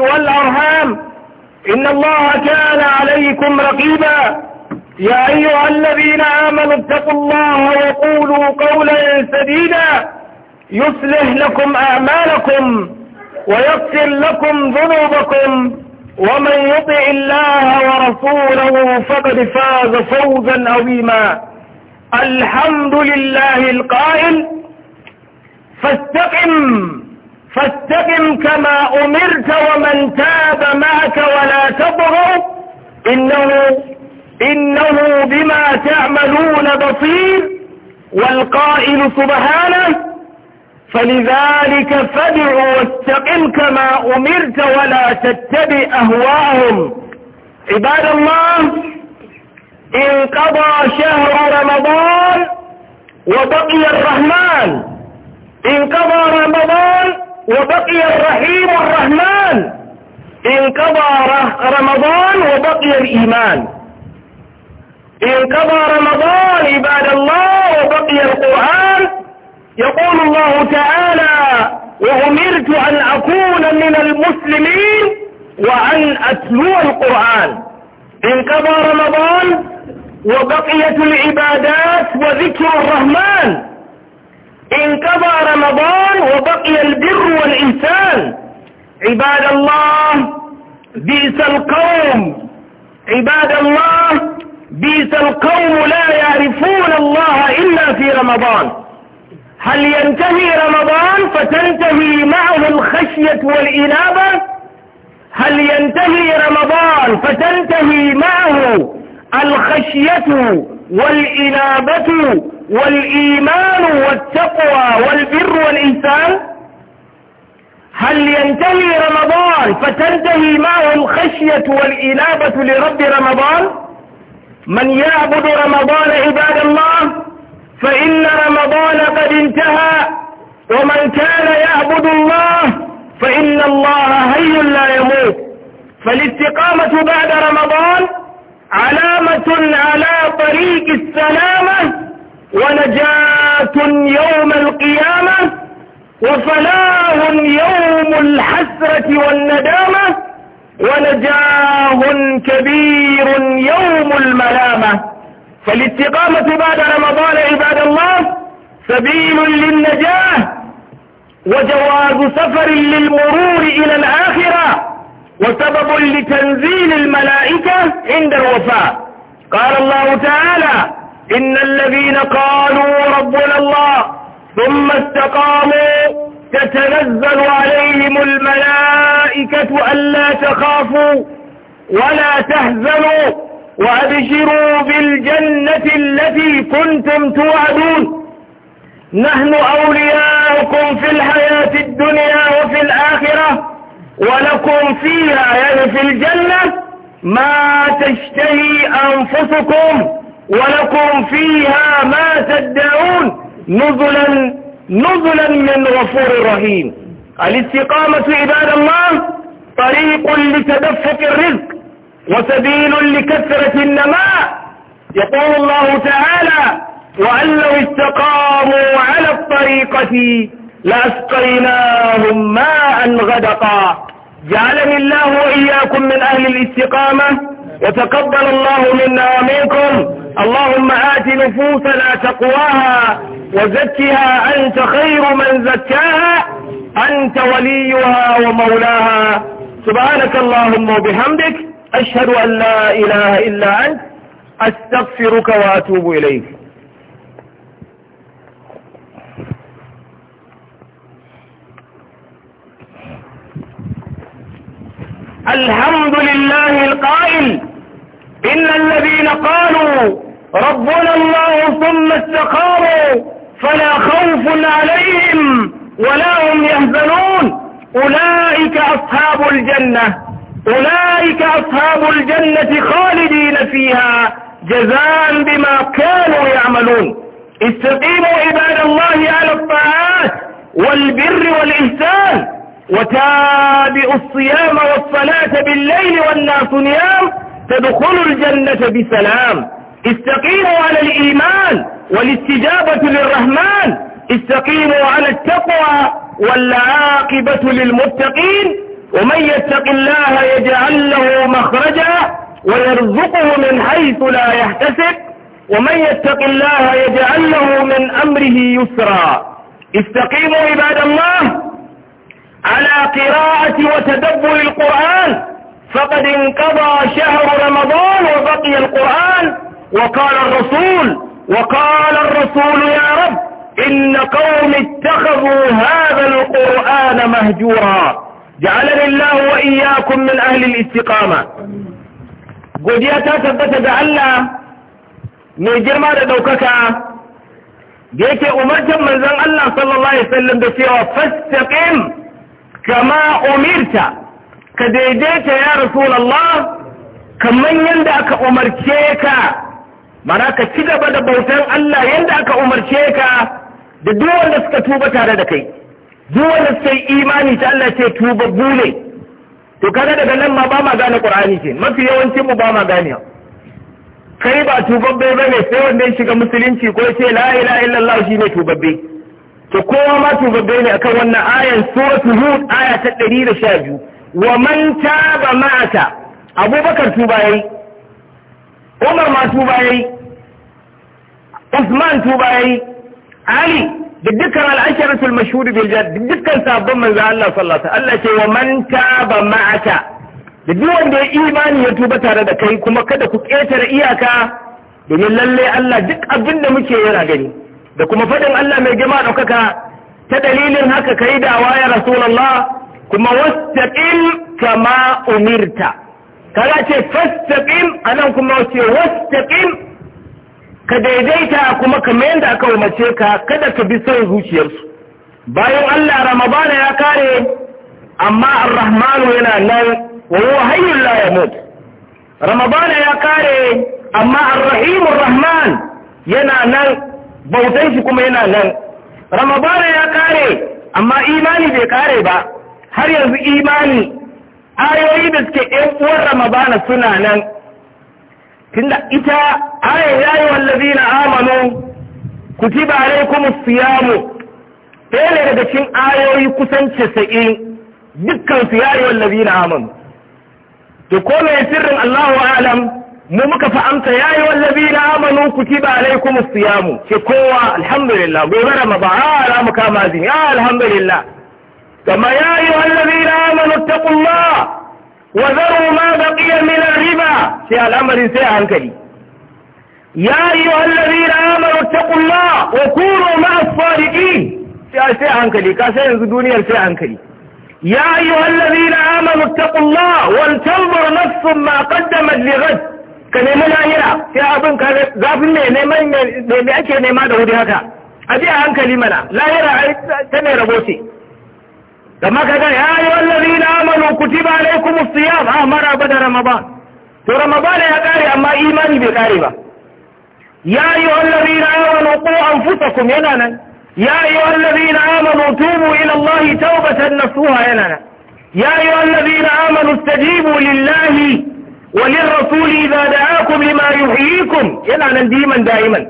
والأرهام إن الله كان عليكم رقيبا يا أيها الذين آمنوا اتقوا الله وقولوا قولا سديدا يصلح لكم أعمالكم ويغفر لكم ذنوبكم ومن يطع الله ورسوله فقد فاز فوزا عظيما الحمد لله القائل فاستقم فاستقم كما أمرت ومن تاب معك ولا تبغ إنه, إنه بما تعملون بصير والقائل سبحانه فلذلك فادع واستقم كما أمرت ولا تتبع أهواءهم عباد الله انقضى شهر رمضان وبقي الرحمن انقضى رمضان وبقي الرحيم الرحمن انقضى رمضان وبقي الإيمان انقضى رمضان عباد الله وبقي القرآن يقول الله تعالى وأمرت أن أكون من المسلمين وأن أتلو القرآن انقضى رمضان وبقيت العبادات وذكر الرحمن انقضى رمضان وبقي البر والإنسان عباد الله بئس القوم عباد الله بئس القوم لا يعرفون الله إلا في رمضان هل ينتهي رمضان فتنتهي معه الخشية والإنابة هل ينتهي رمضان فتنتهي معه الخشية والإنابة والإيمان والتقوى والبر والإنسان هل ينتهي رمضان فتنتهي معه الخشية والإنابة لرب رمضان من يعبد رمضان عباد الله فإن رمضان قد انتهى ومن كان يعبد الله فإن الله هي لا يموت فالاستقامة بعد رمضان علامة على طريق السلامة ونجاة يوم القيامة وفلاه يوم الحسرة والندامة ونجاه كبير يوم الملامة فالاستقامة بعد رمضان عباد الله سبيل للنجاة وجواز سفر للمرور إلى الآخرة وسبب لتنزيل الملائكة عند الوفاء قال الله تعالى إن الذين قالوا ربنا الله ثم استقاموا تتنزل عليهم الملائكة ألا تخافوا ولا تهزنوا وأبشروا بالجنة التي كنتم توعدون نحن أولياؤكم في الحياة الدنيا وفي الآخرة ولكم فيها يعني في الجنة ما تشتهي أنفسكم ولكم فيها ما تدعون نزلا نزلا من غفور رحيم الاستقامة عباد الله طريق لتدفق الرزق وسبيل لكثرة النماء يقول الله تعالى وأن لو استقاموا على الطريقة لأسقيناهم ماء غدقا جعلني الله وإياكم من أهل الاستقامة وتقبل الله منا ومنكم اللهم آت نفوسنا تقواها وزكها أنت خير من زكاها أنت وليها ومولاها سبحانك اللهم وبحمدك أشهد أن لا إله إلا أنت أستغفرك وأتوب إليك الحمد لله القائل إن الذين قالوا ربنا الله ثم استقاموا فلا خوف عليهم ولا هم يهزنون أولئك أصحاب الجنة أولئك أصحاب الجنة خالدين فيها جزاء بما كانوا يعملون استقيموا عباد الله على الطاعات والبر والإحسان وتابعوا الصيام والصلاة بالليل والناس نيام تدخلوا الجنة بسلام استقيموا على الإيمان والاستجابة للرحمن استقيموا على التقوى والعاقبة للمتقين ومن يتق الله يجعل له مخرجا ويرزقه من حيث لا يحتسب ومن يتق الله يجعل له من أمره يسرا استقيموا عباد الله على قراءة وتدبر القرآن فقد انقضى شهر رمضان وبقي القرآن وقال الرسول وقال الرسول يا رب إن قوم اتخذوا هذا القرآن مهجورا جعلني الله وإياكم من أهل الاستقامة قديتا ثبت جعلنا من جرمى لدوككا جيك أمرت من ذن الله صلى الله عليه وسلم بسيرة فاستقم كما أمرت كديديت يا رسول الله كمن يندأك أمرتيكا mana ka ci gaba da bautan Allah yadda aka umarce ka da duk wanda suka tuba tare da kai duk wanda suka yi imani ta Allah ce tuba bule to kaga daga nan ma ba ma gane Qur'ani ce mafi yawancin mu ba ma gane kai ba tubabbe bane sai wanda ya shiga musulunci ko ya ce la ilaha illallah shine tubabbe to kowa ma tubabbe ne akan wannan ayan suratul hud aya ta 112 wa man taba ma'ata abubakar tuba yayi umar ma tuba usman tuba ali da dukkan al'asharatul mashhur bil jannah dukkan sabon manzo Allah sallallahu alaihi Allah ce wa man taba ma'aka da duk wanda ya imani ya tuba tare da kai kuma kada ku ƙetare iyaka domin lalle Allah duk abin da muke yana gani da kuma faɗin Allah mai girma ɗaukaka ta dalilin haka kai da ya rasulullah kuma wastaqim kama umirta kaza ce a nan kuma ce wastaqim ka daidaita kuma kamar yadda aka umarce ka kada ka bi son zuciyarsu bayan Allah ramadana ya kare amma ar-rahmanu yana nan wa huwa hayyul la yamut ramadana ya kare amma ar-rahim rahman yana nan bautan shi kuma yana nan Ramabana ya kare amma imani bai kare ba har yanzu imani ayoyi da suke ɗan uwar ramadana suna nan tunda ita ayar yayi wallazina amanu kutiba alaikumus siyamu ɗaya ne daga cikin ayoyi kusan casa'in dukkan su yayi na amanu to ko me sirrin Allahu alam mu muka fi amsa ya yi wallabi na amanu ku ci ba alaikum siyamu ce kowa alhamdulillah gobe rama ba ah, a ra mu ah, alhamdulillah ثم يا أيها الذين آمنوا اتقوا الله وذروا ما بقي من الربا في الأمر سيء هنكلي يا أيها الذين آمنوا اتقوا الله وكونوا مع الصادقين سيء هنكلي كاسين الدنيا سيء هنكلي يا أيها الذين آمنوا اتقوا الله ولتنظر نفس ما قدمت لغد كلمة هنا في أبن كذا غافل نيمان نيمان أكي نيمان دهودي هكا أبي أهم كلمة لاهرة تنير بوسي يا أيها الذين آمنوا كتب عليكم الصيام آه مرة بدأ رمضان تو رمضان يا كاري أما إيماني بكاري با يا أيها الذين آمنوا قوا أنفسكم ينانا يا أيها الذين آمنوا توبوا إلى الله توبة نصوها ينانا يا أيها الذين آمنوا استجيبوا لله وللرسول إذا دعاكم لما يحييكم يا ينانا ديما دائما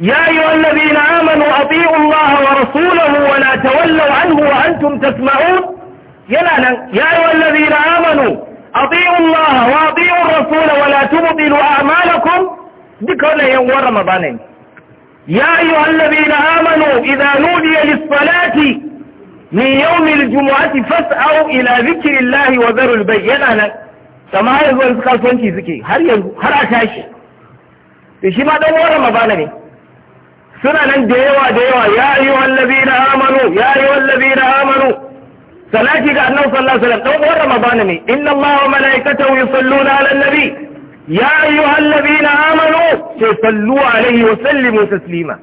يا أيها الذين آمنوا أطيعوا الله ورسوله ولا تولوا عنه وأنتم تسمعون يلانا يا أيها الذين آمنوا أطيعوا الله وأطيعوا الرسول ولا تبطلوا أعمالكم ذكرنا يوم رمضان يا أيها الذين آمنوا إذا نودي للصلاة من يوم الجمعة فاسعوا إلى ذكر الله وذروا البيع يلانا كما يقول سكاسونكي ذكي هل يزو هل أشاشي shi ma ɗan suna nan da yawa da yawa ya ayyuhal ladina amanu ya ayyuhal ladina amanu salati ga annabi sallallahu alaihi wasallam dan uwar ramadana ne inna allaha wa malaikatahu yusalluna ala nabi ya ayyuhal ladina amanu sai sallu alaihi wa sallimu taslima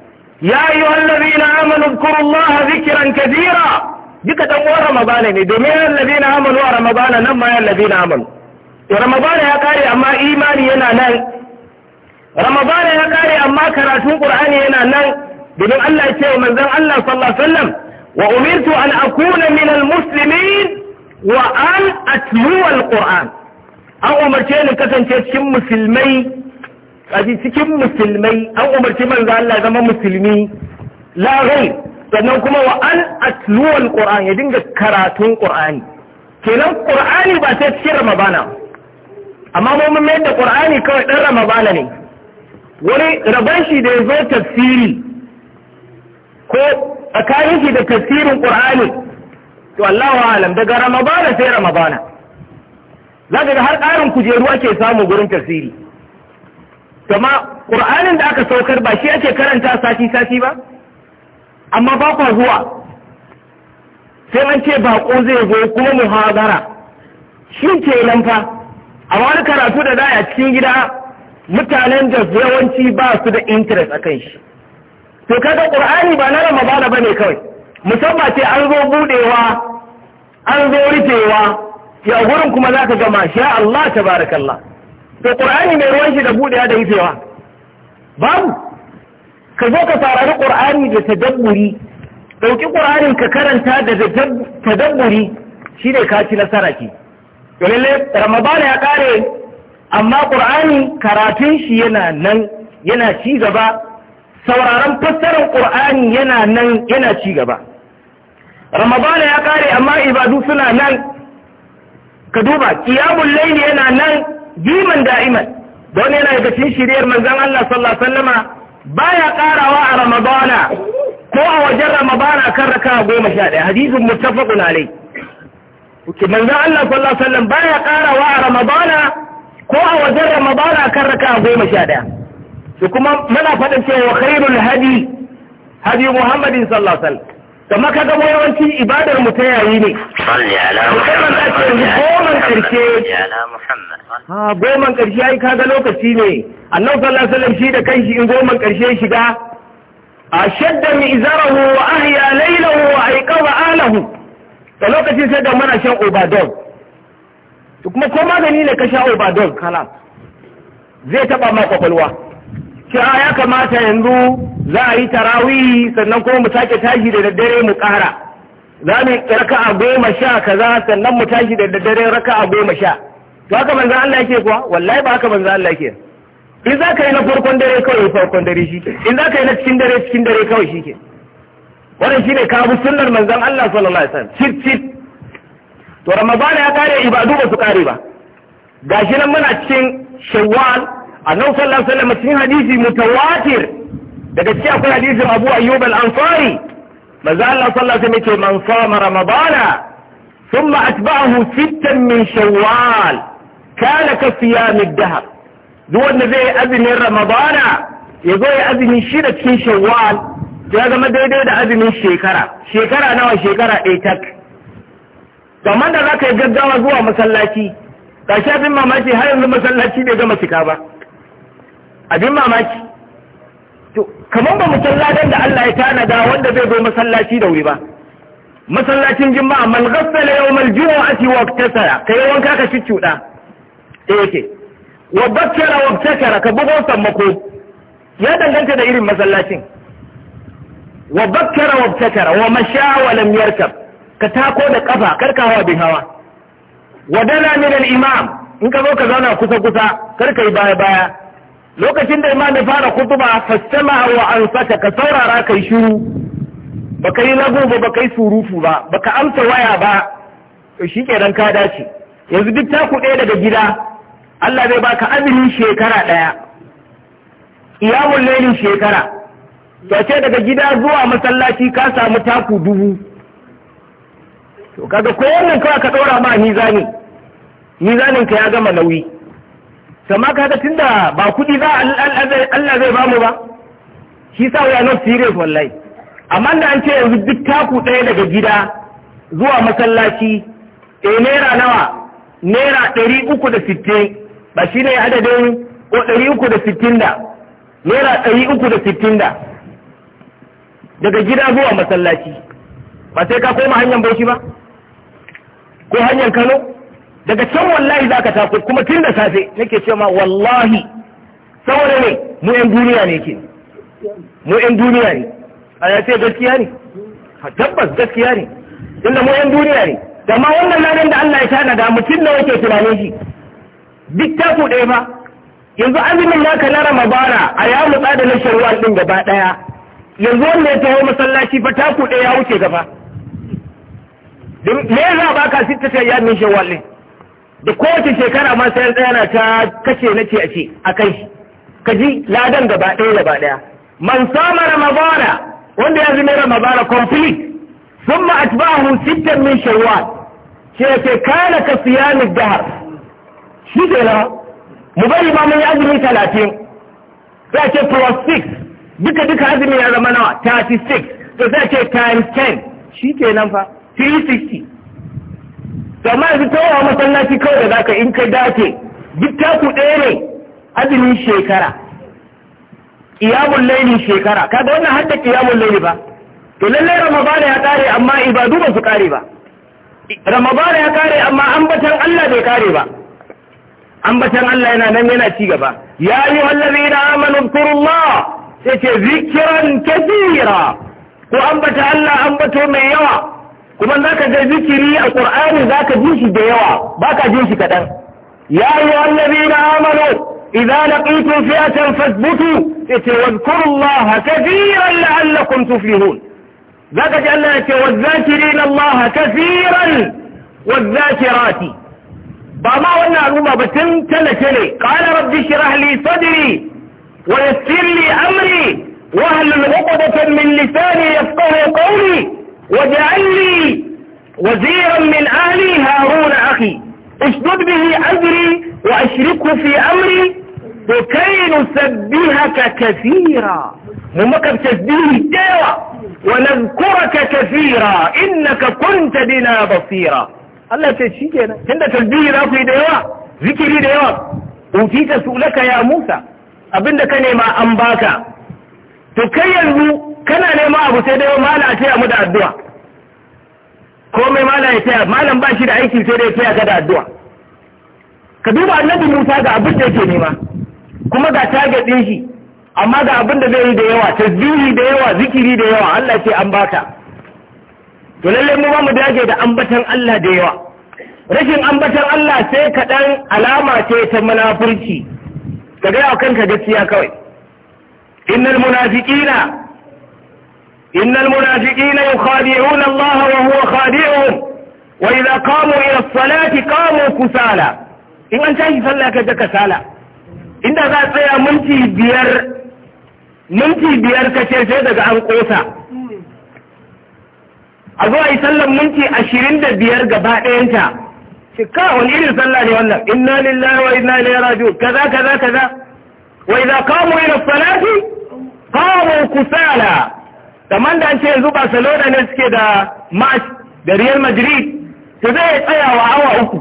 ya ayyuhal ladina amanu dhkurullaha dhikran kathira duka dan uwar ramadana ne domin alladina amanu a ramadana nan ma alladina amanu ramadana ya kare amma imani yana nan ramadana ya kare amma karatun qur'ani yana nan domin Allah ya ce manzon Allah sallallahu alaihi wasallam wa umirtu an akuna min almuslimin wa an atluwa alquran an umarce ni kasance cikin musulmai a cikin musulmai an umarci manzo Allah zama musulmi la sannan kuma wa an atluwa alquran ya dinga karatun qur'ani kenan qur'ani ba sai cikin ramadana amma mun mai da qur'ani kawai dan ramadana ne wani rabon shi da ya zo tafsiri ko tsakanin shi da tafsirin ƙur'ani to Allahu alam daga ramabana sai ramabana za ka ga har ƙarin kujeru ake samu gurin tafsiri Gama ƙur'anin da aka saukar ba shi ake karanta sati sati ba amma ba kwa zuwa sai an ce baƙo zai zo kuma muhazara shi ke nan fa A wani karatu da za a cikin gida mutanen da yawanci ba su da interest a kan shi to kada qur'ani ba na ramadana bane kawai musamman ce an zo budewa an zo rufewa ya gurin kuma zaka gama shi? Allah tabarakallah to qur'ani mai ruwan shi da budewa da rufewa babu ka zo ka sarari qur'ani da tadabburi dauki qur'anin ka karanta da tadabburi shine ka ci nasara ki to lalle ramadana ya ƙare. amma ƙur'ani karatun shi yana nan yana ci gaba sauraron fassarar ƙur'ani yana nan yana ci gaba ramadana ya kare amma ibadu suna nan ka duba kiyamun laili yana nan biman da'iman don yana daga cikin shiriyar manzon Allah sallallahu alaihi wasallama baya karawa a ramadana ko a wajen ramadana kan raka goma sha ɗaya hadisin muttafaqun alai manzon Allah sallallahu alaihi wasallam baya karawa a ramadana ko a wajen ramadana kan raka goma sha ɗaya su kuma muna faɗin cewa khairul hadi hadi muhammadin sallallahu alaihi wasallam kamar ka gamo yawancin ibadar mu ta yayi ne musamman ta ce goman ƙarshe. ha goman karshe ai kaga lokaci ne annabi sallallahu alaihi wasallam shi da kanshi in goman karshe shiga ashadda izarahu wa ahya laylahu wa ayqawa alahu da lokacin sai da muna shan obadon to kuma ko magani ne ka sha don kala zai taba ma kwakwalwa cewa ya kamata yanzu za a yi tarawihi sannan kuma mu sake tashi da daddare mu ƙara za mu raka a goma sha kaza sannan mu tashi da daddare raka a goma sha to haka banza Allah yake kuwa wallahi ba haka banza Allah yake in za ka yi na farkon dare kawai farkon dare shi ke in za ka yi na cikin dare cikin dare kawai shi ke wannan shi ne kawo sunnar manzan Allah sallallahu alaihi wasallam cip cip to ramadana ya kare ibadu ba su kare ba gashi nan muna cikin shawwal annabi sallallahu alaihi wasallam cikin hadisi mutawatir daga cikin akwai hadisin Abu Ayyub al-Ansari manzo Allah sallallahu alaihi wasallam ce man sama ramadana thumma atba'ahu sittan min shawwal kana ka siyam ad-dahr duk wanda zai azumin ramadana ya zo ya azumi shida cikin shawwal ya zama daidai da azumin shekara shekara nawa shekara ɗaya tak kamar da za ka yi gaggawa zuwa masallaci ga shi abin mamaki har yanzu masallaci bai gama cika ba abin mamaki To kamar ba masalladan da Allah ya tanada wanda zai zo masallaci da wuri ba masallacin jima'a mal ghassala al jumu'ati wa iktasara kai wanka ka cuccuda eh yake wa bakkara wa iktasara ka bugo sammako ya danganta da irin masallacin wa bakkara wa iktasara wa masha wa lam yarkab ka tako da ƙafa karkawa bin hawa wadana min al in ka zo ka zauna kusa kusa kar yi baya baya lokacin da imam ya fara kutuba fasama wa ansaka ka saurara kai shiru baka yi lagu ba baka yi surufu ba baka amsa waya ba to shikenan ka dace yanzu duk taku ɗaya daga gida Allah zai baka azumin shekara ɗaya iyamun lailin shekara to ce daga gida zuwa masallaci ka samu taku dubu to kaga ko wannan kawai ka ɗora ma mizani mizanin ka ya gama nauyi sama kaga tunda ba kuɗi za Allah zai bamu ba shi sa we not serious wallahi amma da an ce yanzu duk taku ɗaya daga gida zuwa masallaci eh naira nawa naira ɗari ba shi adadin ko ɗari uku da naira ɗari da daga gida zuwa masallaci ba sai ka koma hanyar bauchi ba ko hanyar Kano daga can wallahi za ka tafi kuma tun da safe nake ce ma wallahi saboda ne mu yan duniya ne ke mu yan duniya ne a ya ce gaskiya ne a tabbas gaskiya ne inda mu yan duniya ne da ma wannan ladan da Allah ya tana da mutum da yake tunanin shi duk ta ku ɗaya ba yanzu azumin naka na ramadana a ya mutsa da na sharuwan ɗin gaba ɗaya yanzu wanda ya taho masallaci fa ta ku ɗaya ya wuce gaba me za ba ka sita ta yi min shawwal da kowace shekara ma sai tsaya ta kace na ce a ce a kai shi ka ji ladan gaba ɗaya gaba ɗaya man sama ramadana wanda ya zama ramadana complete thumma atba'ahu sittan min shawwal ce ce kana ka ni dahar shi kenan mu bari ma mun yi azumi talatin za ce plus six duka duka azumi ya zama nawa six to za ce times ten shi ke nan fa 360 amma yanzu ta yawa masallaci kawai da zaka in ka dace duk taku ɗaya ne azumin shekara ƙiyamun laili shekara kaga wannan har da ƙiyamun laili ba to lallai ramadana ya kare amma ibadu ba su kare ba ramadana ya kare amma ambatan Allah bai kare ba ambatan Allah yana nan yana ci gaba ya yi wallazi na amanu kurullah sai ce zikiran kabira ko ambata Allah ambato mai yawa kuma za ka ga zikiri a ƙur'ani za ka ji shi da yawa ba ka ji shi kaɗan ya yi wallabi na amano idan na ƙitun fiyatan fasbutu ya ce wadkurullah kafiran la'allakum tuflihun za ka ji Allah ya ce wadzakirin Allah wa zakirati ba ma wannan al'umma ba tun talace ne qala rabbi shrah li sadri wa yassir li amri wa hlul 'uqdatan min lisani yafqahu qawli واجعل لي وزيرا من أهلي هارون أخي اشدد به أجري وأشركه في أمري وكي نسبهك كثيرا ممكب تسبيه الدعوة ونذكرك كثيرا إنك كنت بنا بصيرا الله تشيك أنا تند تسبيه ناقي دعوة ذكري دعوة أوتيت سؤلك يا موسى ابنك ka انباك an kana nema abu sai dai mala a taya mu da addu'a komai mala ya taya malam ba shi da aiki sai dai ya taya da addu'a ka duba annabi Musa ga abin da yake nema kuma ga target din shi amma ga abin da zai yi da yawa tasbihi da yawa zikiri da yawa Allah ce an baka to lalle mu ba mu dage da ambatan Allah da yawa rashin ambatan Allah sai kaɗan alama ce ta munafurci ka gaya wa kanka gaskiya kawai innal munafiqina إن المنافقين يخادعون الله وهو خادعهم وإذا قاموا إلى الصلاة قاموا كسالى إن أنت صلى كذا كسالى إن ذا تسيا منتي بير منتي بير كشيء سيدك عن قوسا a zuwa yi sallan minti ashirin da biyar gaba ɗayanta shika wani irin sallah wannan inna lillahi wa inna ilaihi raji'un kaza kaza kaza wa idza qamu kamar da an ce yanzu barcelona ne suke da match da real madrid to zai tsayawa awa uku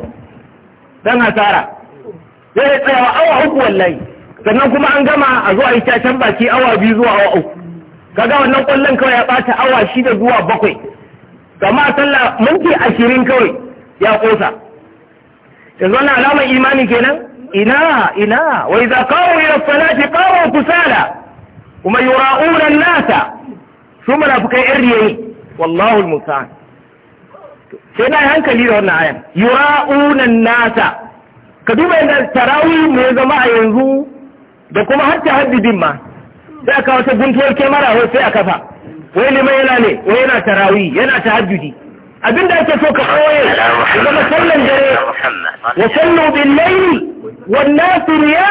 don hasara zai tsayawa awa uku wallahi sannan kuma an gama a zuwa yi cacen baki awa biyu zuwa awa uku kaga wannan kwallon kawai ya bata awa shida zuwa bakwai kama sallah minti ashirin kawai ya kosa yanzu wannan alamar imani kenan ina ina wai za kawo ila salati kawo kusala kuma yura'una nasa su munafukai yan yayi wallahu almusta'an sai na hankali da wannan ayan yura'unan nasa ka duba yadda tarawih ne zama a yanzu da kuma har tahaddidin ma sai aka wata guntuwar kyamara wai sai a kafa wai liman yana ne wai yana tarawih yana tahajjudi abinda ake so ka koye zama sallan dare wa sallu bil layli wan nasriya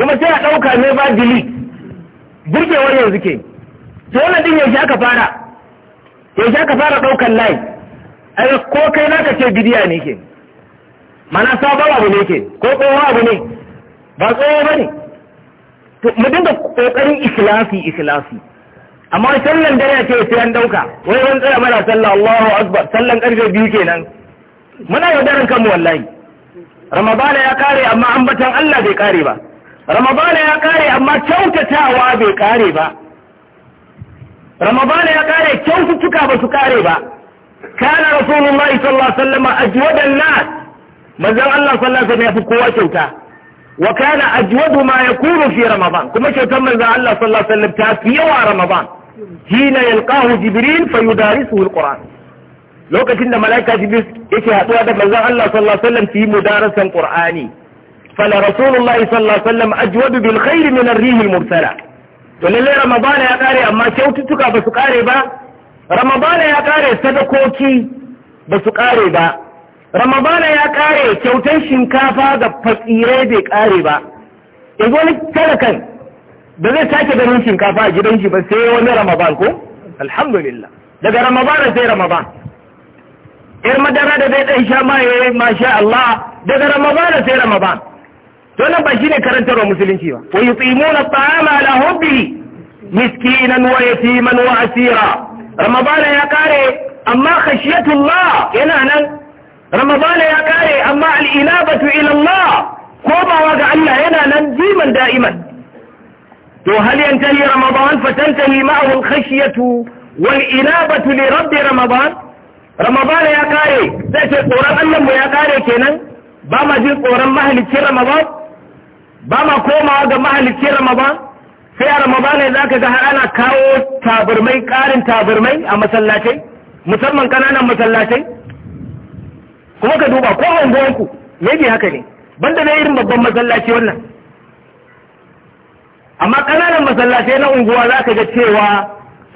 kuma sai a dauka ne ba dili burgewar yanzu ke to wannan din yaushe aka fara yaushe aka fara ɗaukan layi ai ko kai naka ce bidiya ne ke mana sabon abu ne ke ko tsohon abu ne ba tsoho ba ne mu dinga ƙoƙarin islafi-islafi. amma sallan dare ce sai an ɗauka wai wani tsaya mana sallah Allahu akbar sallan ƙarfe biyu kenan muna daren kanmu wallahi ramadana ya kare amma ambatan Allah bai kare ba ramadana ya kare amma kyautatawa bai kare ba رمضان يا قاري كيف تكا بسكاري با كان رسول الله صلى الله عليه وسلم أجود الناس manzon Allah sallallahu alaihi wasallam kowa kyauta wa kana ajwadu ma yakunu fi ramadan kuma kyautar manzon Allah sallallahu alaihi wasallam ta fi yawa ramadan hina yalqahu jibril fayudarisuhu alquran lokacin da malaika jibril yake haduwa da manzon Allah sallallahu alaihi wasallam fi mudarasan qur'ani fala rasulullahi sallallahu alaihi wasallam ajwadu bil khair min ar to lallai ramadana ya kare amma kyaututtuka ba su kare ba ramadana ya kare sadakoki ba su kare ba ramadana ya kare kyautar shinkafa ga fatsire bai kare ba yanzu wani talakan da zai sake ganin shinkafa a gidan shi ba sai wani ramadan ko alhamdulillah daga ramadana sai ramadan yar madara da zai dan sha ma yayi eh, masha Allah daga ramadana sai ramadan to nan ba shine wa musulunci ba wa yutimuna ta'ama ala hubbihi miskinan wa yatiman wa asira ramadana ya kare amma khashiyatullah yana nan ramadana ya kare amma al'inabatu ila Allah wa ga Allah yana nan jiman da'iman to hal yantali ramadan fatantali ma'ahu al-khashiyatu wal inabatu li rabbi ramadan ramadan ya kare sai ce tsoron Allah mu ya kare kenan ba ma jin tsoron mahalicci ramadan ba ma komawa ga mahalicci ramadan sai a ramadan ne za ka ga har ana kawo tabarmai ƙarin tabarmai a masallatai musamman ƙananan masallatai kuma ka duba ko me bi haka ne banda na irin babban masallaci wannan amma ƙananan masallatai na unguwa za ka ga cewa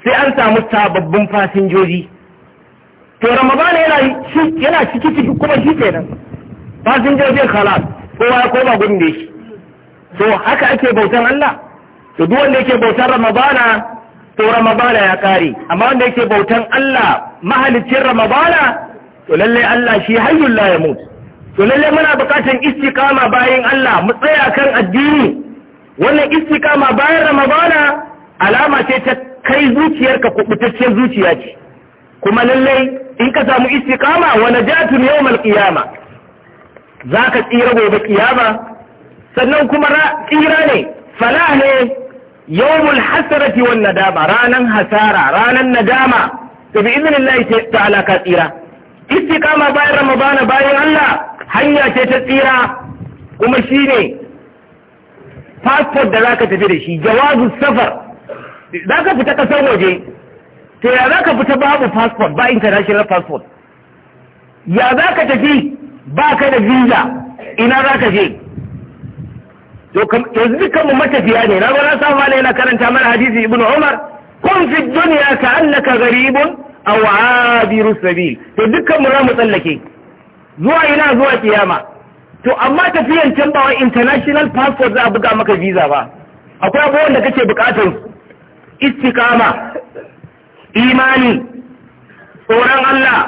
sai an samu sababbin fasinjoji to ramadan yana ciki ciki kuma shi kenan fasinjojin halas kowa ya koma gudun da shi To haka ake bautan Allah to duk wanda yake bautan Ramadana to Ramadana ya kare amma wanda yake bautan Allah mahalicin Ramadana to lalle Allah shi hayyul la yamut to lalle muna bukatan istiqama bayan Allah mu tsaya kan addini wannan istiqama bayan Ramadana alama ce ta kai zuciyarka kubutaccen zuciya ce kuma lalle in ka samu istiqama wa najatun yawmal qiyama zaka tsira gobe kiyama sannan kuma tsira ne fala ne yawmul hasarati wan nadama ranan hasara ranan nadama to bi idnillahi ta'ala ka tsira istiqama bayan ramadana bayan Allah hanya ce ta tsira kuma shine passport da zaka tafi da shi jawazu safar zaka fita kasar waje to ya zaka fita babu passport ba international passport ya zaka tafi ba ka da visa ina zaka je yanzu dukkanmu matafiya ne na bara sa mala yana karanta mana hadisi ibn umar kun fi ka annaka garibun aw abiru sabil to dukkan mu mu tsallake zuwa ina zuwa kiyama to amma tafiyan can ba international passport za a buga maka visa ba akwai abubuwan da kake bukatar istiqama imani tsoron Allah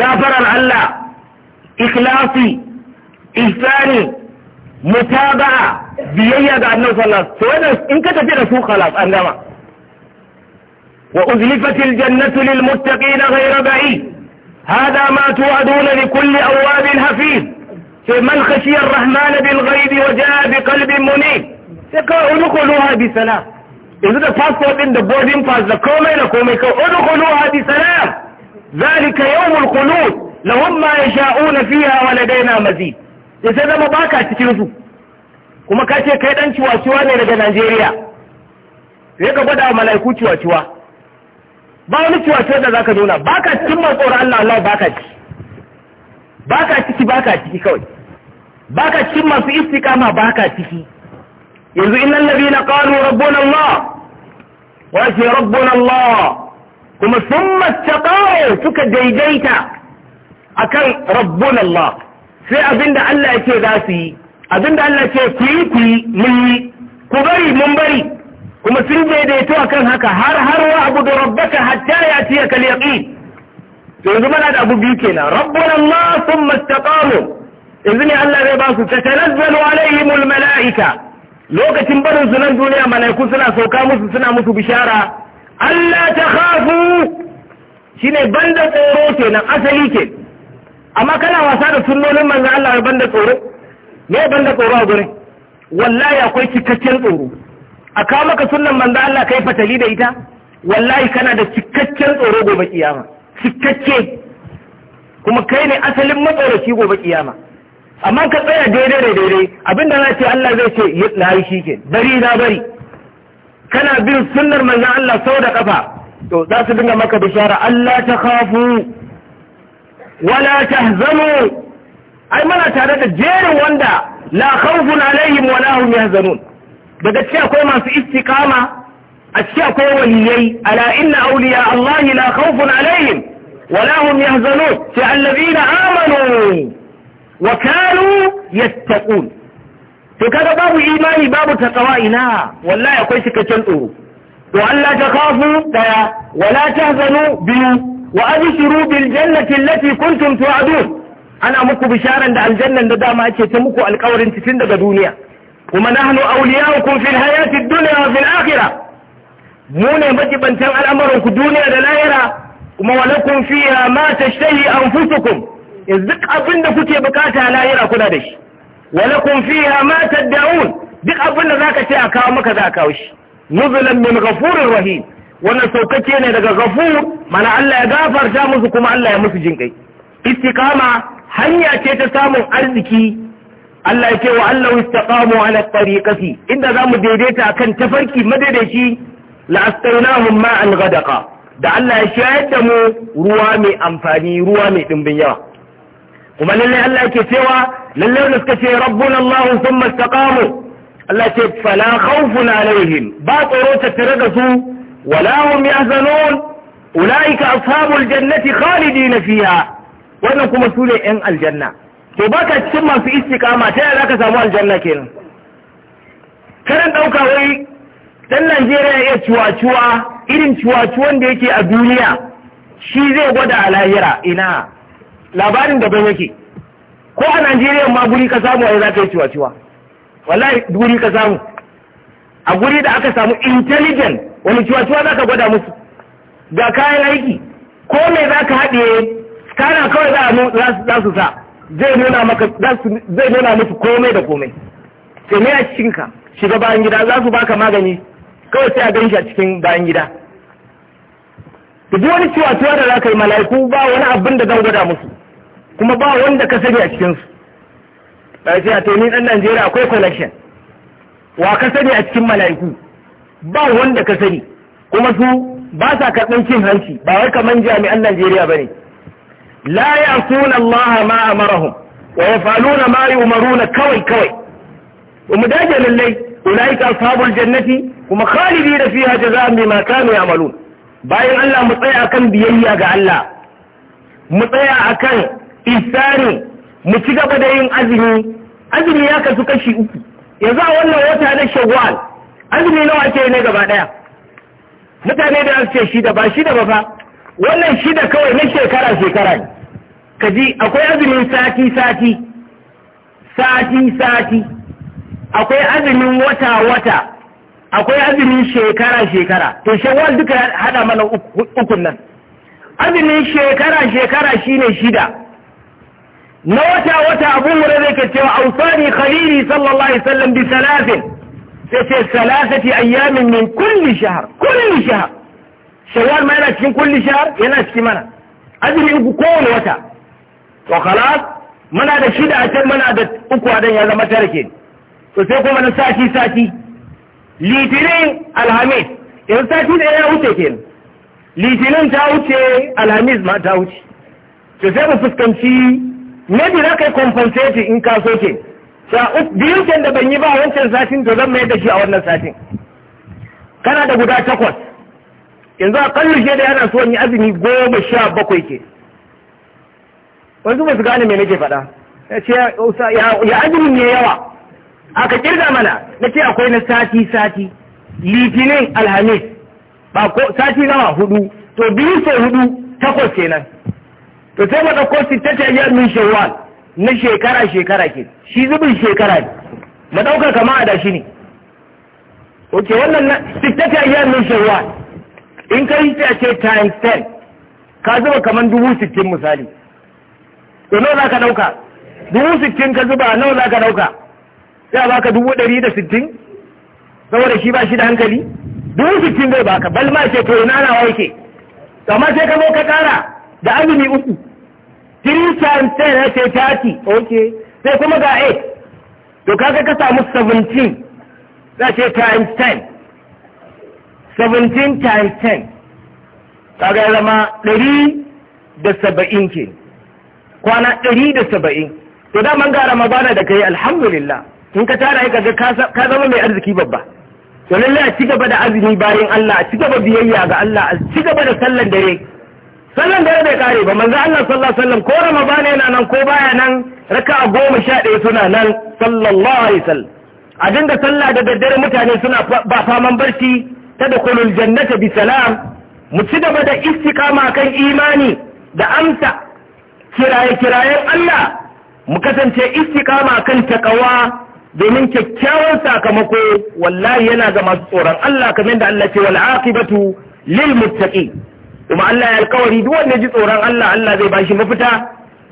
gafarar Allah ikhlasi ihsani mutaba'a biyayya ga annabi sallallahu alaihi wasallam in ka tafi da su khalas an gama wa uzlifatil jannatu lil muttaqin ghayra ba'i hada ma tu'adun li kulli awabin hafiz sai man khashiya ar-rahman bil ghaibi wa jaa bi qalbin munib sai ka udkhuluha bi salam yanzu da passport din da boarding pass da komai da komai ka udkhuluha bi salam zalika yawmul khulud lahum ma yasha'una fiha wa ladaina mazid da sai zama baka cikin su kuma ka ce kai dan ciwa-ciwa ne daga Najeriya sai ka gwada wa mala'iku ciwa-ciwa ba wani ciwa-ciwa da zaka nuna baka cikin matsoron Allah Allah baka ci baka ciki baka ciki kawai baka cikin masu istiqama baka ciki yanzu innal ladina qalu rabbuna Allah wa shi rabbuna Allah kuma summa taqaw suka daidaita akan rabbuna Allah sai abinda Allah ya ce za su yi abinda Allah ce ku yi ku yi mun yi ku bari mun bari kuma sun daidaito akan haka har har wa abu da rabbaka hatta ya ci ya kalyaƙi yanzu mana da abu biyu kenan rabbun Allah sun mastaƙamu yanzu ne Allah zai ba su ta tanazzalu alaihimul mala'ika lokacin barin su nan duniya malaiku suna sauka musu suna musu bishara Allah ta khafu shine banda tsoro kenan asali kenan amma kana wasa da sunnonin manzo Allah ban da tsoro me ban da tsoro a gurin wallahi akwai cikakken tsoro a kawo maka sunnan manzo Allah kai fatali da ita wallahi kana da cikakken tsoro gobe kiyama cikakke kuma kai ne asalin matsoraci gobe kiyama amma ka tsaya daidai da daidai abinda na ce Allah zai ce na yi shi ke bari na bari kana bin sunnar manzon Allah sau da kafa to za su dinga maka bishara Allah ta khafu wala tahzanu ai mana tare da jerin wanda la khawfun alaihim wala hum yahzanun daga ci akwai masu istiqama a cikin akwai waliyai ala inna awliya Allah la khawfun alaihim wala hum yahzanun sai allazina amanu wa kanu yattaqun to kaga babu imani babu takawa ina wallahi akwai cikakken tsoro to Allah ta khafu daya wala tahzanu biyu wa abshiru bil jannati allati kuntum tu'adun ana muku bisharan da aljannan da dama ake ta muku alƙawarin cikin daga duniya kuma nahnu awliya'ukum fil hayati ad-dunya wa fil akhirah mu ne majibantan al'amuran ku duniya da lahira kuma walakum fiha ma tashtahi anfusukum yanzu duk abin da kuke bukata lahira kuna da shi walakum fiha ma tad'un duk abin da zaka ce a kawo maka za ka kawo shi nuzulan min ghafurir rahim wannan saukake ne daga ghafur mana Allah ya gafarta musu kuma Allah ya musu jinkai istiqama hanya ce ta samun arziki Allah ya ce wa Allah istaqamu ala tariqati inda zamu daidaita kan tafarki madaidaici la astainahum ma'an ghadaqa da Allah ya shayar da mu ruwa mai amfani ruwa mai dimbin yawa kuma lalle Allah yake cewa lalle wanda suka ce rabbuna Allah thumma istaqamu Allah ce fala khawfun alaihim ba tsoro tattare da su wala hum yahzanun ulaika ashabul jannati khalidina fiha wannan kuma su ne yan aljanna to baka cikin masu istiqama ta yaya zaka samu aljanna kenan Karin dauka wai dan Najeriya ya ciwa-ciwa irin ciwa-ciwon da yake a duniya shi zai gwada a lahira ina labarin da ban yake ko a Najeriya ma guri ka samu ai zaka yi ciwa-ciwa wallahi guri ka samu a guri da aka samu intelligent wani cuwa za ka gwada musu ga kayan aiki ko mai za ka haɗe kana kawai za su sa zai nuna musu komai da komai sai mai a cikinka shiga bayan gida za su baka magani kawai sai a gan shi a cikin bayan gida duk wani cuwa da za ka yi mala'iku ba wani abin da zan gwada musu kuma ba wanda ka sani a cikinsu ba sai a to ni ɗan Najeriya akwai connection wa ka sani a cikin mala'iku ba wanda ka sani kuma su ba sa karɓar cin hanci ba wai kamar jami'an Najeriya ne. la ya'suna Allah ma amarahum wa yaf'aluna ma na kawai kawai mu dage lallai ulaika sabon jannati kuma khalidina fiha jazaa'an maka mai amalu bayan Allah mu tsaya akan biyayya ga Allah mu tsaya akan isani mu ci gaba da yin azumi azumi ya kasu kashi uku yanzu a wannan wata na shawwal azumi nawa ake yi ne gaba daya mutane da ake shida ba shida ba fa wannan shida kawai na shekara shekara ne kaji akwai azumin sati sati sati sati akwai azumin wata wata akwai azumin shekara shekara to shawwal duka hada mana ukun nan azumin shekara shekara shine shida na wata wata abu hurairah ke cewa ausani khalili sallallahu alaihi wasallam bi salafin. sai salasati ayyamin min kulli shahr kulli shahar shawwal ma yana cikin kulli shahar yana cikin mana azumi uku kowane wata to khalas muna da shida a can muna da uku a dan ya zama tare to sai kuma na sati sati litinin alhamis yanzu sati da ya wuce ke litinin ta wuce alhamis ma ta wuce to sai mu fuskanci ne za kai compensate in ka so ke biyun da ban yi ba wancan satin to zan mai da shi a wannan satin kana da guda takwas yanzu a kallon shi da yana so yi azumi goma sha bakwai ke wanzu ba gane me nake faɗa ya ce ya azumin ne yawa aka kirga mana na ce akwai na sati sati litinin alhamis ba ko sati nawa hudu to biyu sai hudu takwas kenan to sai mu ɗauko sittata ya min shawwal na shekara-shekara ke shi zubin shekara ne Ma ɗaukar kama a dashi ne ok wannan na sittata iya min shawwal in ka yi ta ce times 10 ka zuba kamar dubu sittin misali to nawa za ka ɗauka dubu sittin ka zuba nawa za ka ɗauka sai a baka dubu ɗari da sittin saboda shi ba shi da hankali dubu sittin zai baka balma ce to ina nawa yake amma sai ka zo ka ƙara da azumi uku 3 times 10 ya ce 30 ok sai kuma ga 8 to kaga ka samu 17 za ce times 10 17 times 10 zama 170 ke kwana 170 to daman ga ramadana da kai alhamdulillah in ka tara ka ka zama mai arziki babba to lallai a ci gaba da azumi bayan Allah a cigaba biyayya ga Allah a ci gaba da sallar dare sallan dare bai kare ba manzo Allah sallallahu alaihi wasallam ko ramadan yana nan ko baya nan raka'a goma sha ɗaya suna nan sallallahu alaihi wasallam a sallah da daddare mutane suna ba faman barci ta da kulul jannata bi salam mu ci gaba da istiqama kan imani da amsa kiraye kirayen Allah mu kasance istiqama kan takawa domin kyakkyawan sakamako wallahi yana ga masu tsoron Allah kamar da Allah ce wal aqibatu lil muttaqin kuma Allah ya alkawari duk wanda ji tsoron Allah Allah zai bashi mafita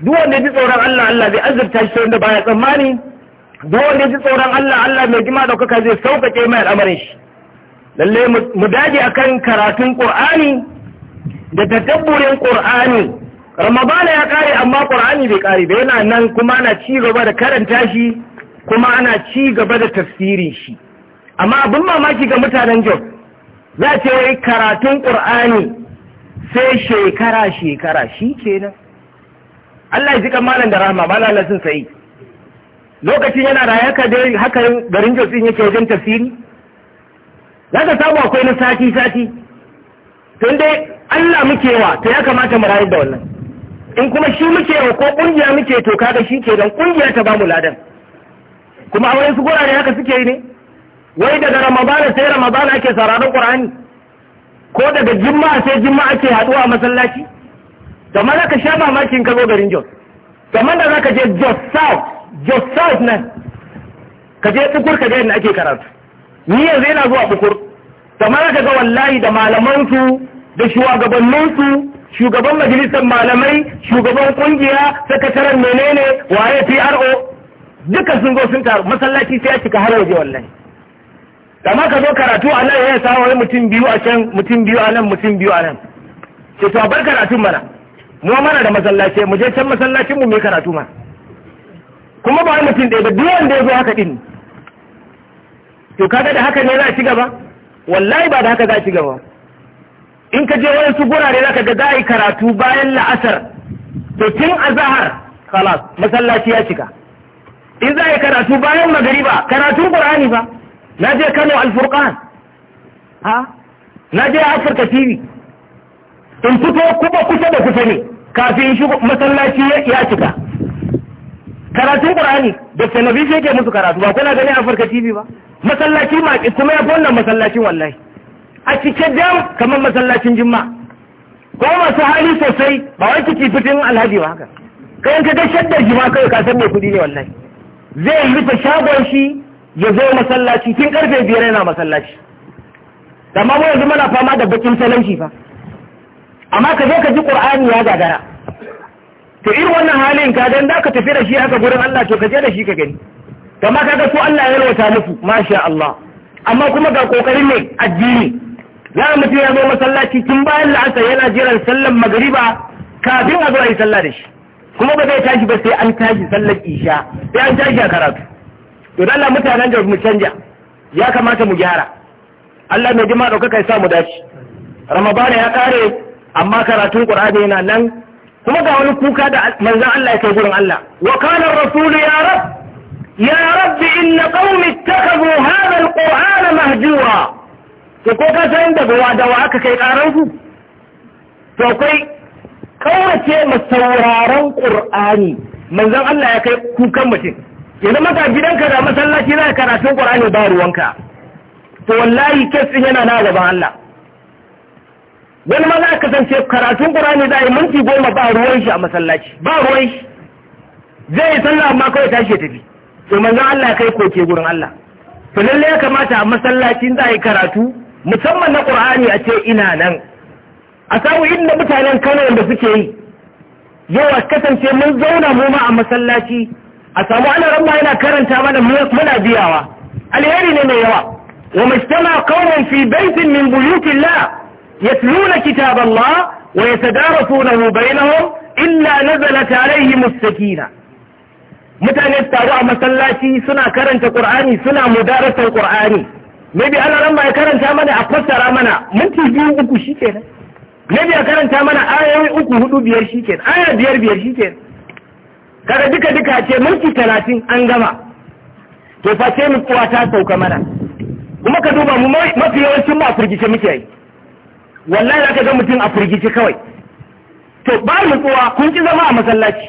duk wanda ji tsoron Allah Allah zai azurta shi wanda baya tsammani duk wanda ji tsoron Allah Allah mai jima daukaka zai sauƙaƙe mai al'amarin shi lalle mu dage akan karatun Qur'ani da tadabburin Qur'ani Ramadana ya kare amma Qur'ani bai kare ba yana nan kuma ana ci gaba da karanta shi kuma ana ci gaba da tafsirin shi amma abin mamaki ga mutanen Jos za ce wai karatun Qur'ani sai shekara shekara shi kenan Allah ya ji kan da rahama ba lalata sun sayi lokacin yana da haka dai haka garin Jos yake wajen tafsiri ka samu akwai na sati sati tun dai Allah muke wa ta ya kamata mu rayu da wannan in kuma shi muke wa ko kungiya muke toka kaga shi kenan kungiya ta bamu ladan kuma a wani su gurare haka suke yi ne wai daga ramadana sai ramadana ake sararin ƙur'ani. ko daga juma'a sai juma'a ke haduwa a masallaci kamar za ka sha mamakin ka zo garin jos kamar da za ka je jos south jos south nan ka je tukur ka ga yadda ake karatu ni yanzu yana zuwa tukur kamar za ka ga wallahi da malamansu da shugabanninsu shugaban majalisar malamai shugaban kungiya sakataren menene waye pro duka sun zo sun taru masallaci sai ya cika har waje wallahi amma ka zo karatu a nan ya sa wai mutum biyu a can mutum biyu a nan mutum biyu a nan ke to bar karatu mana mu mana da masallaci mu je can masallacin mu mai karatu ma kuma ba mutum ɗaya ba duk wanda ya zo haka din to kaga da haka ne za a ci gaba wallahi ba da haka za a ci gaba in ka je wani su gurare za ga za a yi karatu bayan la'asar to tun azahar kalas masallaci ya cika in za a yi karatu bayan magariba karatun qur'ani ba na je kano alfurkan ha na je afirka tv in fito kuma kusa da kusa ne kafin shi masallaci ya cika karatun qur'ani da salafi yake musu karatu ba kuna gani afirka tv ba masallaci ma kuma ya wannan masallacin wallahi a cike dam kamar masallacin jimma ko masu hali sosai ba wai kike fitin alhaji ba haka kai in ka ga shaddar jima kai ka san me kudi ne wallahi zai rufe shagon shi ya zo masallaci tun karfe biyar yana masallaci amma mu yanzu muna fama da bakin talauci fa amma ka zo ka ji qur'ani ya gagara to irin wannan halin ka dan zaka tafi da shi haka gurin Allah to ka je da shi ka gani kamar kaga su Allah ya rawata muku masha Allah amma kuma ga kokarin ne addini za mutum ya zo masallaci tun bayan la'asar yana jiran sallan magariba kafin a zo a yi sallah da shi kuma ba zai tashi ba sai an tashi sallar isha sai an tashi a karatu to Allah mutanen da mu canja ya kamata mu gyara Allah mai jima dauka kai sa mu dace Ramadan ya kare amma karatun Qur'ani yana nan kuma ga wani kuka da manzon Allah ya kai gurin Allah wa kana rasulu ya rab ya rabbi inna qaumi ittakhadhu hadha alqur'ana mahjura to ko ka san da wa da wa aka kai karan ku to kai kaurace masauraran Qur'ani manzon Allah ya kai kukan mutum yanzu maka gidanka da masallaci za karatun ƙwararri ba ruwanka to wallahi kesin yana na gaban Allah wani ma za a kasance karatun ƙwararri za a yi minti goma ba ruwan shi a masallaci ba ruwan shi zai yi sallah amma kawai tashi ya tafi to manzan Allah kai koke gurin Allah to lalle ya kamata a masallaci za a yi karatu musamman na ƙur'ani a ce ina nan a samu inda mutanen Kano da suke yi yawa kasance mun zauna mu ma a masallaci a samu ana ramma yana karanta mana muna biyawa alheri ne mai yawa wa mujtama qawmun fi baitin min buyutillah yatluna kitaballah wa yatadarasunahu bainahum illa nazalat alaihim as-sakina mutane su taru a masallaci suna karanta qur'ani suna mudarasar qur'ani maybe ana ramma ya karanta mana a fassara mana minti biyu uku shikenan maybe ya karanta mana ayoyi uku hudu biyar shikenan aya biyar biyar shikenan kada duka duka ce minti talatin an gama to fa sai nutsuwa ta sauka mana kuma ka duba mu mafi yawancin mu a firgice muke yi wallahi zaka ga mutum a firgice kawai to ba mu tsuwa kun ki zama a masallaci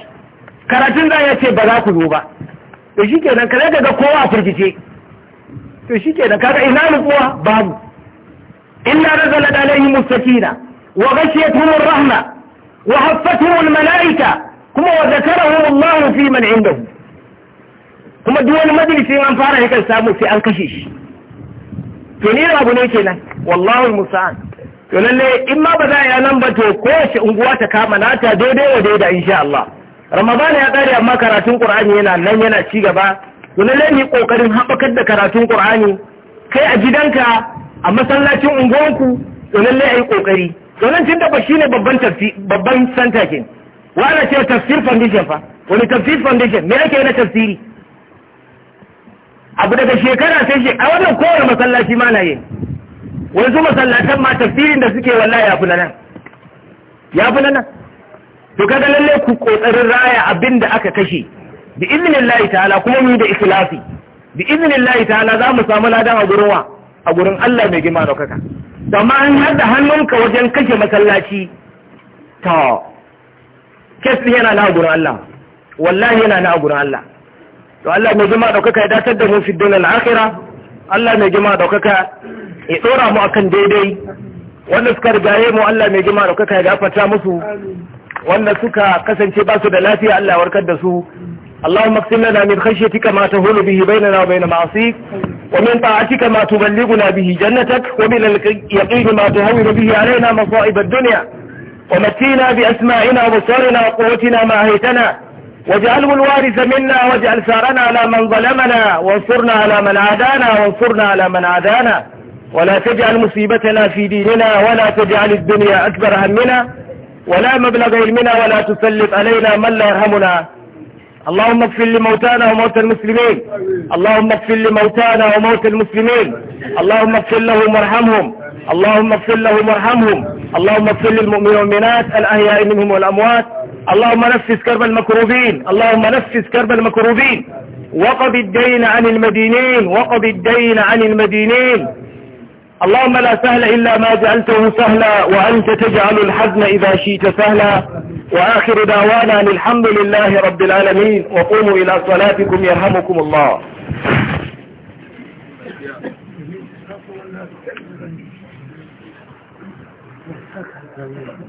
karatun za ya ce ba za ku zo ba to shi kenan ka zaka ga kowa a firgice to shi kenan kaga ina mu. nutsuwa babu inna nazala alaihim mustaqina wa ghashiyatuhum rahma wa hafatuhum malaika kuma wa zakarahu Allah fi man indahu kuma duk wani majalisi an fara yakan samu sai an kashe shi to ne abu ne kenan wallahi musa'an to lalle in ma ba za a yi nan ba to kowace unguwa ta kama nata daidai wa daida insha Allah Ramadan ya kare amma karatun Qur'ani yana nan yana ci gaba to lalle ni kokarin haɓakar da karatun Qur'ani kai a gidanka a masallacin unguwanku to lalle ayi kokari to nan tunda ba shine babban tafsi babban santa kenan wala cewa tafsir foundation fa wani tafsir foundation me yake na tafsiri abu daga shekara sai shi a wannan kowane masallaci ma na yi wasu masallatan ma tafsirin da suke wallahi ya fi na nan ya fi na nan to kaga lalle ku kokarin raya abin da aka kashe bi iznillahi ta'ala kuma mu da ikhlasi bi iznillahi ta'ala za mu samu ladan a gurin wa a gurin Allah mai girma da kaka da ma an hada hannunka wajen kashe masallaci ta kes din yana na gurin Allah wallahi yana na gurin Allah to Allah mai jima daukaka ya datar da mu fi dunyal akhirah Allah mai jima daukaka ya tsora mu akan daidai wanda suka rigaye mu Allah mai jima daukaka ya gafarta musu wanda suka kasance ba su da lafiya Allah ya warkar da su اللهم اقسم لنا من خشيتك ما تهول به بيننا وبين معصيك ومن طاعتك ما تبلغنا به جنتك ومن اليقين ما تهون به علينا مصائب الدنيا ومتينا بأسمائنا وبصرنا وقوتنا ما هيتنا واجعله الوارث منا واجعل ثارنا على من ظلمنا وانصرنا على من عادانا وانصرنا على من عادانا ولا تجعل مصيبتنا في ديننا ولا تجعل الدنيا أكبر همنا ولا مبلغ علمنا ولا تسلط علينا من لا يرحمنا اللهم اغفر لموتانا وموتى المسلمين اللهم اغفر لموتانا وموتى المسلمين اللهم اغفر لهم وارحمهم اللهم اغفر لهم وارحمهم اللهم اغفر للمؤمنين والمؤمنات الأحياء منهم والأموات اللهم نفس كرب المكروبين اللهم نفس كرب المكروبين وقب الدين عن المدينين وقب الدين عن المدينين اللهم لا سهل إلا ما جعلته سهلا وأنت تجعل الحزن إذا شئت سهلا وآخر دعوانا الحمد لله رب العالمين وقوموا إلى صلاتكم يرحمكم الله Thank you.